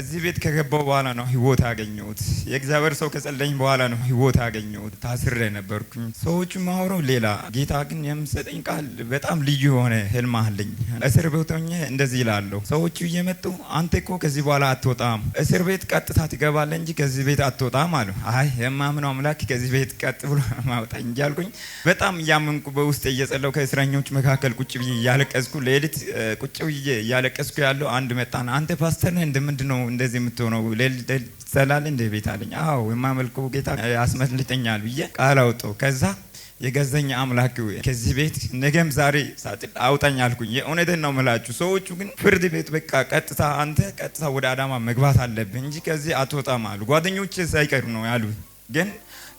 እዚህ ቤት ከገባው በኋላ ነው ህይወት ያገኘሁት። የእግዚአብሔር ሰው ከጸለኝ በኋላ ነው ህይወት ያገኘሁት። ታስሬ ነበርኩኝ። ሰዎቹ ማውረው ሌላ፣ ጌታ ግን የምሰጠኝ ቃል በጣም ልዩ የሆነ ህልም አለኝ። እስር ቤት እንደዚህ ይላለሁ። ሰዎቹ እየመጡ አንተ እኮ ከዚህ በኋላ አትወጣም፣ እስር ቤት ቀጥታ ትገባለህ እንጂ ከዚህ ቤት አትወጣም አሉ። አይ የማምነው አምላክ ከዚህ ቤት ቀጥ ብሎ ማውጣ እንጂ አልኩኝ። በጣም እያመንኩ በውስጥ እየጸለው ከእስረኞች መካከል ቁጭ ብዬ እያለቀስኩ ሌሊት ቁጭ ብዬ እያለቀስኩ ያለው አንድ መጣና አንተ ፓስተር ነህ እንደምንድን ነው እንደዚህ የምትሆነው? ሌሊት ትጸላል እንደ ቤት አለኝ። አዎ የማመልከው ጌታ አስመልጠኛል ብዬ ቃል አወጣሁ። ከዛ የገዘኝ አምላክ ከዚህ ቤት ነገም ዛሬ ሳጥል አውጣኝ አልኩኝ። የእውነትን ነው ምላችሁ። ሰዎቹ ግን ፍርድ ቤት በቃ ቀጥታ አንተ ቀጥታ ወደ አዳማ መግባት አለብህ እንጂ ከዚህ አትወጣም አሉ። ጓደኞች ሳይቀሩ ነው ያሉ። ግን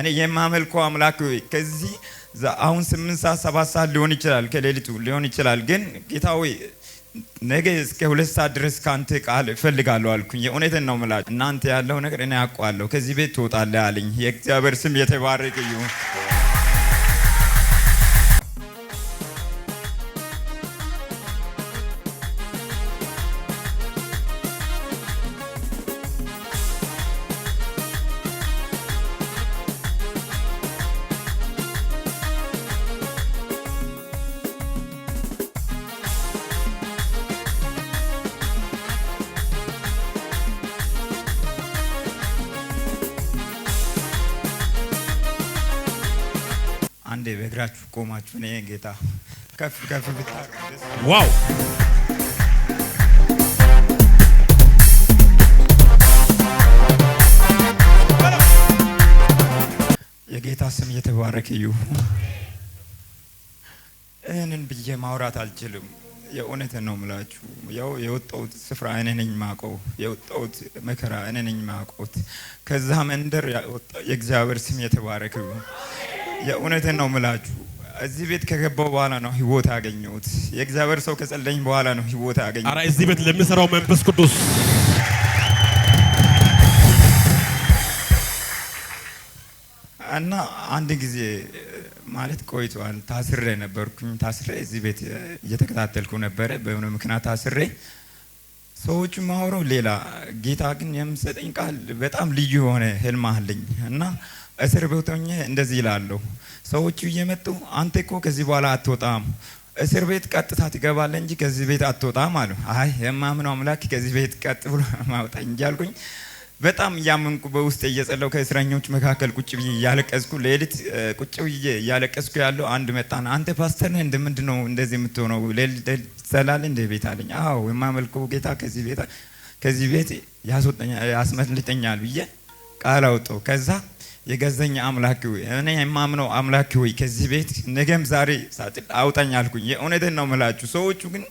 እኔ የማመልከው አምላክ ከዚህ አሁን ስምንት ሰዓት ሰባት ሰዓት ሊሆን ይችላል፣ ከሌሊቱ ሊሆን ይችላል። ግን ጌታ ነገ እስከ ሁለት ሰዓት ድረስ ከአንተ ቃል እፈልጋለሁ አልኩኝ። የእውነትን ነው ምላጭ እናንተ ያለው ነገር እኔ አውቀዋለሁ። ከዚህ ቤት ትወጣለህ አለኝ። የእግዚአብሔር ስም የተባረቅ። ይሁን። አንዴ በእግራችሁ ቆማችሁ እኔ ጌታ ከፍ ከፍ ዋው የጌታ ስም እየተባረከ ይሁን። ይህንን ብዬ ማውራት አልችልም። የእውነት ነው ምላችሁ ያው የወጣሁት ስፍራ እኔ ነኝ ማውቀው፣ የወጣሁት መከራ እኔ ነኝ ማቆት። ከዛ መንደር የእግዚአብሔር ስም እየተባረከ ይሁን። የእውነትን ነው ምላችሁ። እዚህ ቤት ከገባው በኋላ ነው ህይወት ያገኘሁት። የእግዚአብሔር ሰው ከጸለኝ በኋላ ነው ህይወት ያገኘሁት። ኧረ እዚህ ቤት ለሚሰራው መንፈስ ቅዱስ እና አንድ ጊዜ ማለት ቆይቷል። ታስሬ ነበርኩኝ። ታስሬ እዚህ ቤት እየተከታተልኩ ነበረ። በሆነ ምክንያት ታስሬ ሰዎቹ ማውረው ሌላ ጌታ ግን የምሰጠኝ ቃል በጣም ልዩ የሆነ ህልም አለኝ እና እስር ቤት ሆኜ እንደዚህ ይላለሁ። ሰዎቹ እየመጡ አንተ እኮ ከዚህ በኋላ አትወጣም፣ እስር ቤት ቀጥታ ትገባለህ እንጂ ከዚህ ቤት አትወጣም አሉ። አይ የማምነው አምላክ ከዚህ ቤት ቀጥ ብሎ ማውጣኝ እንጂ አልኩኝ። በጣም እያመንኩ በውስጥ እየጸለሁ ከእስረኞች መካከል ቁጭ ብዬ እያለቀስኩ ሌሊት ቁጭ ብዬ እያለቀስኩ ያለው አንድ መጣን። አንተ ፓስተር ነህ እንደምንድን ነው እንደዚህ የምትሆነው? ሌሊት ትጸላለህ እንደ ቤት አለኝ። አዎ የማመልከው ጌታ ከዚህ ቤት ከዚህ ቤት ያስወጣኛል ያስመልጠኛል ብዬ ቃል አውጣው ከዛ የገዘኝ አምላክ ሆይ እኔ የማምነው አምላክ ሆይ ከዚህ ቤት ነገም ዛሬ ሳጥል አውጣኝ አልኩኝ። የእውነትን ነው ምላችሁ። ሰዎቹ ግን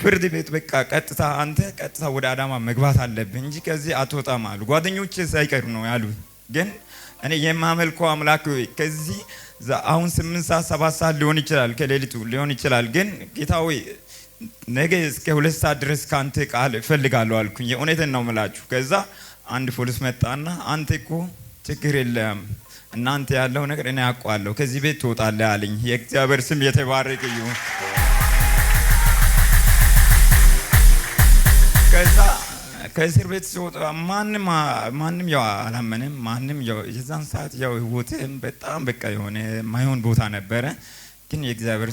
ፍርድ ቤት በቃ ቀጥታ አንተ ቀጥታ ወደ አዳማ መግባት አለብህ እንጂ ከዚህ አትወጣም አሉ። ጓደኞች ሳይቀሩ ነው ያሉ። ግን እኔ የማመልከው አምላክ ሆይ ከዚህ አሁን ስምንት ሰዓት ሰባት ሰዓት ሊሆን ይችላል፣ ከሌሊቱ ሊሆን ይችላል። ግን ጌታ ሆይ ነገ እስከ ሁለት ሰዓት ድረስ ከአንተ ቃል እፈልጋለሁ አልኩኝ። የእውነትን ነው ምላችሁ። ከዛ አንድ ፖሊስ መጣና አንተ እኮ ችግር የለም እናንተ ያለው ነገር እኔ አውቀዋለሁ። ከዚህ ቤት ትወጣለህ አለኝ። የእግዚአብሔር ስም የተባረከ ይሁን። ከዛ ከእስር ቤት ሲወጣ ማንም ማንም ያው አላመንም። ማንም ያው የዛን ሰዓት ያው ህይወትህም በጣም በቃ የሆነ ማይሆን ቦታ ነበረ። ግን የእግዚአብሔር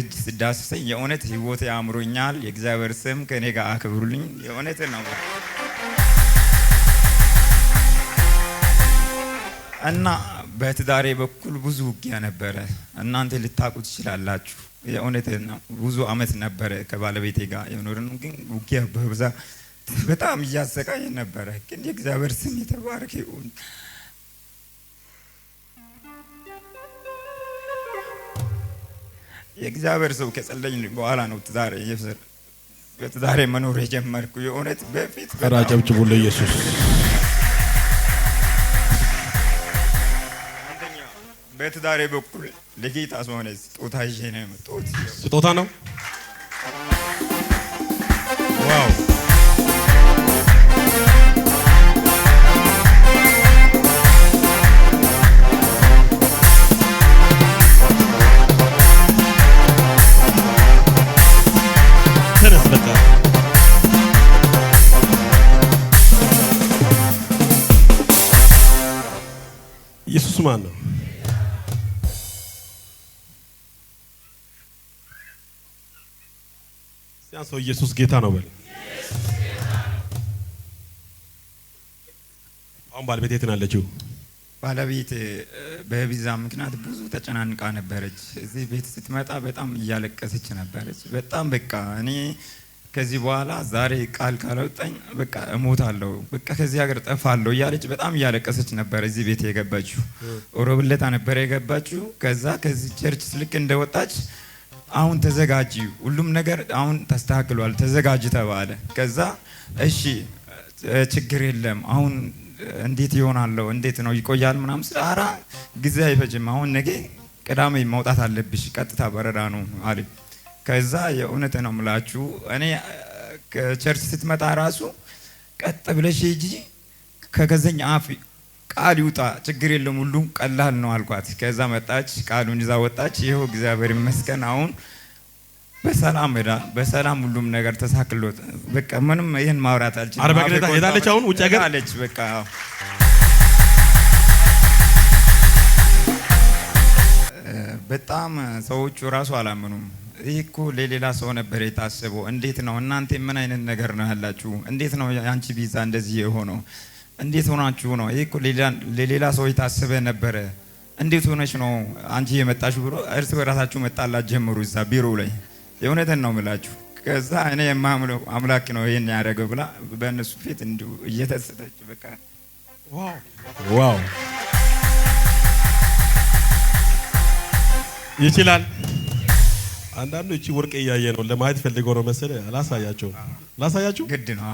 እጅ ስዳስሰኝ የእውነት ህይወት ያምሮኛል። የእግዚአብሔር ስም ከእኔ ጋር አክብሩልኝ። የእውነት ነው። እና በትዳሬ በኩል ብዙ ውጊያ ነበረ። እናንተ ልታቁ ትችላላችሁ። የእውነት ብዙ አመት ነበረ ከባለቤቴ ጋር የኖርን፣ ግን ውጊያ በብዛ በጣም እያሰቃየ ነበረ። ግን የእግዚአብሔር ስም የተባረከ ይሁን። የእግዚአብሔር ሰው ከጸለኝ በኋላ ነው ትዳሬ በትዳሬ መኖር የጀመርኩ። የእውነት በፊት ራጨብጭቡ ለኢየሱስ በትዳሬ በኩል ለጌታ ስሆነ ስጦታ ይዤ ነው የመጣሁት። ስጦታ ነው። ዋው ኢየሱስ ማን ነው? ሰው ኢየሱስ ጌታ ነው በል። አሁን ባለቤት የት ናለችው? ባለቤት በቪዛ ምክንያት ብዙ ተጨናንቃ ነበረች። እዚህ ቤት ስትመጣ በጣም እያለቀሰች ነበረች። በጣም በቃ እኔ ከዚህ በኋላ ዛሬ ቃል ካለውጠኝ በቃ እሞታለሁ፣ በቃ ከዚህ ሀገር ጠፋለሁ እያለች በጣም እያለቀሰች ነበረ። እዚህ ቤት የገባችው ኦሮብለታ ነበረ የገባችው። ከዛ ከዚህ ቸርች ልክ እንደወጣች አሁን ተዘጋጂ፣ ሁሉም ነገር አሁን ተስተካክሏል፣ ተዘጋጅ ተባለ። ከዛ እሺ ችግር የለም አሁን እንዴት ይሆናለሁ? እንዴት ነው ይቆያል? ምናምን ኧረ ጊዜ አይፈጅም። አሁን ነገ ቅዳሜ መውጣት አለብሽ፣ ቀጥታ በረራ ነው አለ። ከዛ የእውነት ነው ምላችሁ እኔ ከቸርች ስትመጣ ራሱ ቀጥ ብለሽ ሂጂ ከገዘኝ አፍ ቃል ይውጣ ችግር የለም ሁሉ ቀላል ነው አልኳት። ከዛ መጣች ቃሉን ይዛ ወጣች። ይኸው እግዚአብሔር ይመስገን አሁን በሰላም ሄዳ በሰላም ሁሉም ነገር ተሳክሎት በቃ ምንም ይህን ማውራት አልችልም። ሄዳለች። አሁን ውጭ ሀገር አለች በቃ በጣም ሰዎቹ ራሱ አላመኑም። ይህ እኮ ለሌላ ሰው ነበር የታሰበው። እንዴት ነው እናንተ ምን አይነት ነገር ነው ያላችሁ? እንዴት ነው አንቺ ቪዛ እንደዚህ የሆነው? እንዴት ሆናችሁ ነው? ይሄ ለሌላ ሰው የታሰበ ነበረ። እንዴት ሆነች ነው አንቺ የመጣሽ ብሎ እርስ በራሳችሁ መጣላት ጀምሩ እዛ ቢሮ ላይ። የእውነትን ነው ምላችሁ። ከዛ እኔ የማምለው አምላክ ነው ይሄን ያደረገው ብላ በእነሱ ፊት እንዲሁ እየተሰጠች በቃ ዋው ይችላል። አንዳንዱ እቺ ወርቅ እያየ ነው ለማየት ፈልገው ነው መሰለ። አላሳያቸው ላሳያቸው ግድ ነው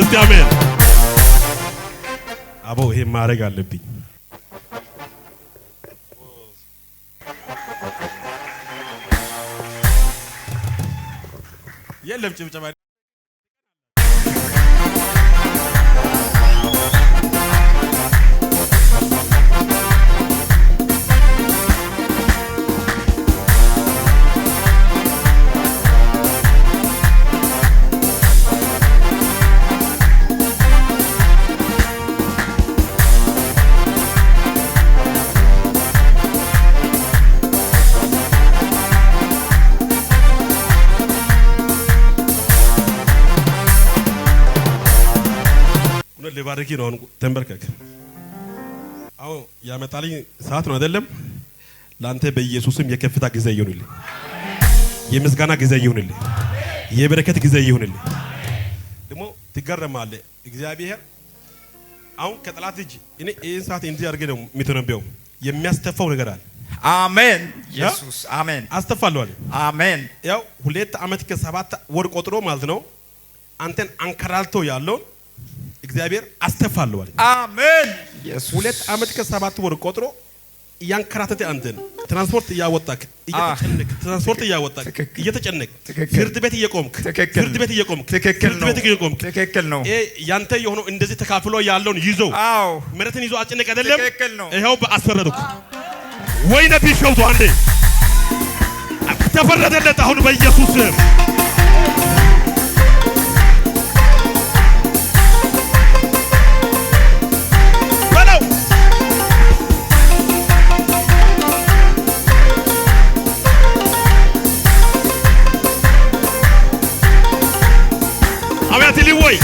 እስቲ አሜን። አቦ ይሄ ማድረግ አለብኝ። የለም ጭብጨባ እግዚአብሔር ሊባርክ ነው። አሁን ተንበርከክ። አሁን ያመጣልኝ ሰዓት ነው አይደለም? ለአንተ በኢየሱስም የከፍታ ጊዜ ይሁንልህ፣ የምስጋና ጊዜ ይሁንልህ፣ የበረከት ጊዜ ይሁንልህ። ደግሞ ትገረማለህ። እግዚአብሔር አሁን ከጠላት እጅ እኔ ይህን ሰዓት እንዲህ አድርጌ ነው የሚተነብየው። የሚያስተፋው ነገር አለ። አሜን ኢየሱስ አሜን። አስተፋለሁ አለ። አሜን። ያው ሁለት ዓመት ከሰባት ወር ቆጥሮ ማለት ነው አንተን አንከራልቶ ያለውን እግዚአብሔር አስተፋለሁ አለኝ። አሜን። ሁለት ዓመት ከሰባት ወር ቆጥሮ እያንከራተተ አንተን ትራንስፖርት እያወጣክ እየተጨነክ ትራንስፖርት እያወጣክ ፍርድ ቤት እየቆምክ ፍርድ ቤት እየቆምክ ፍርድ ቤት እየቆምክ ትክክል ነው። ያንተ የሆነው እንደዚህ ተካፍሎ ያለውን ይዞ አዎ ይዞ አጨነቅ አይደለም። ይኸው ወይ ነብይ ሸውቶ አንዴ ተፈረደለት። አሁን በኢየሱስ አብያት ይልኝ ወይ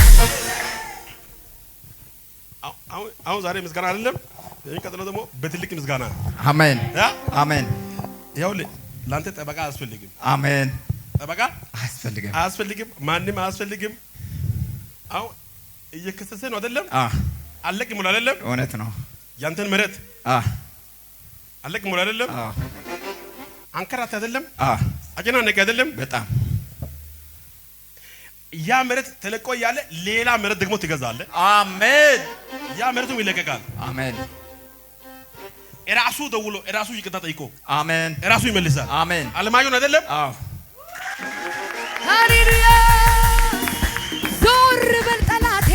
አሁን ዛሬ ምስጋና አይደለም። የሚቀጥለው ደግሞ በትልቅ ምስጋና አሜን፣ አሜን። ይኸውልህ ለአንተ ጠበቃ አያስፈልግም። አሜን። ጠበቃ አያስፈልግም፣ አያስፈልግም፣ ማንም አያስፈልግም። አሁን እየከሰሰ ነው አይደለም? አለቅ ሙሉ አይደለም? እውነት ነው። ያንተን ምህረት አለቅ ሙሉ አይደለም? አንከራት አይደለም? አጨናነቅ አይደለም? በጣም ያ መሬት ተለቆ እያለ ሌላ መሬት ደግሞ ትገዛለህ። አሜን። ያ መሬቱም ይለቀቃል። አሜን። እራሱ ደውሎ እራሱ ይቅጣ ጠይቆ አሜን። እራሱ ይመልሳል። አሜን። አለማየሁን አይደለም። አዎ። ሃሌሉያ። ዞር በል ጠላቴ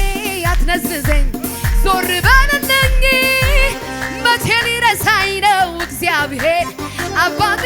ያትነዝዘኝ፣ ዞር በል እነኚህ መቼ ሊረሳኝ ነው እግዚአብሔር አባት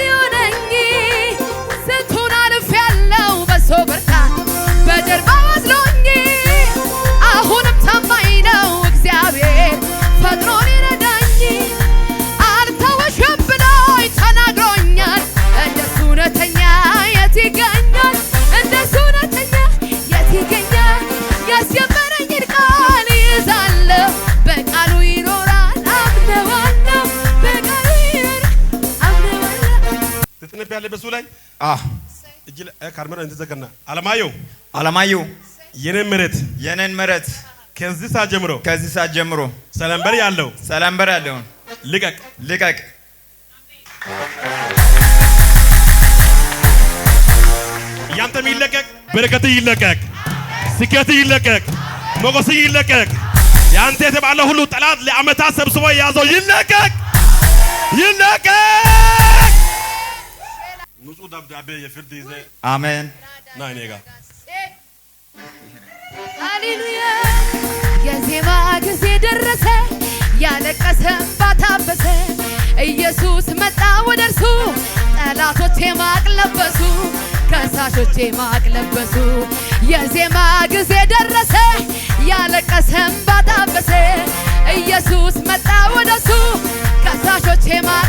እሱ ላይ እጅ ካርሜላ እንተዘገና አለማየሁ አለማየሁ የኔን ምረት የኔን ምረት ከዚህ ሰዓት ጀምሮ ከዚህ ሰዓት ጀምሮ ሰለምበር ያለው ሰለምበር ያለውን ልቀቅ ልቀቅ ያንተም ይለቀቅ፣ በረከት ይለቀቅ፣ ስኬት ይለቀቅ፣ ሞገስ ይለቀቅ። ያንተ የተባለ ሁሉ ጠላት ለአመታት ሰብስቦ የያዘው ይለቀቅ፣ ይለቀቅ። ንጹህ ደብዳቤ የፍርድ ይዘህ አሜን ና እኔ ጋር ሃሌሉያ። የዜማ ጊዜ ደረሰ፣ ያለቀሰ ባታበሰ ኢየሱስ መጣ ወደ እርሱ። ጠላቶቼ ማቅ ለበሱ፣ ከሳሾቼ ማቅ ለበሱ። የዜማ ጊዜ ደረሰ፣ ያለቀሰ ባታበሰ ኢየሱስ መጣ ወደ እርሱ። ከሳሾቼ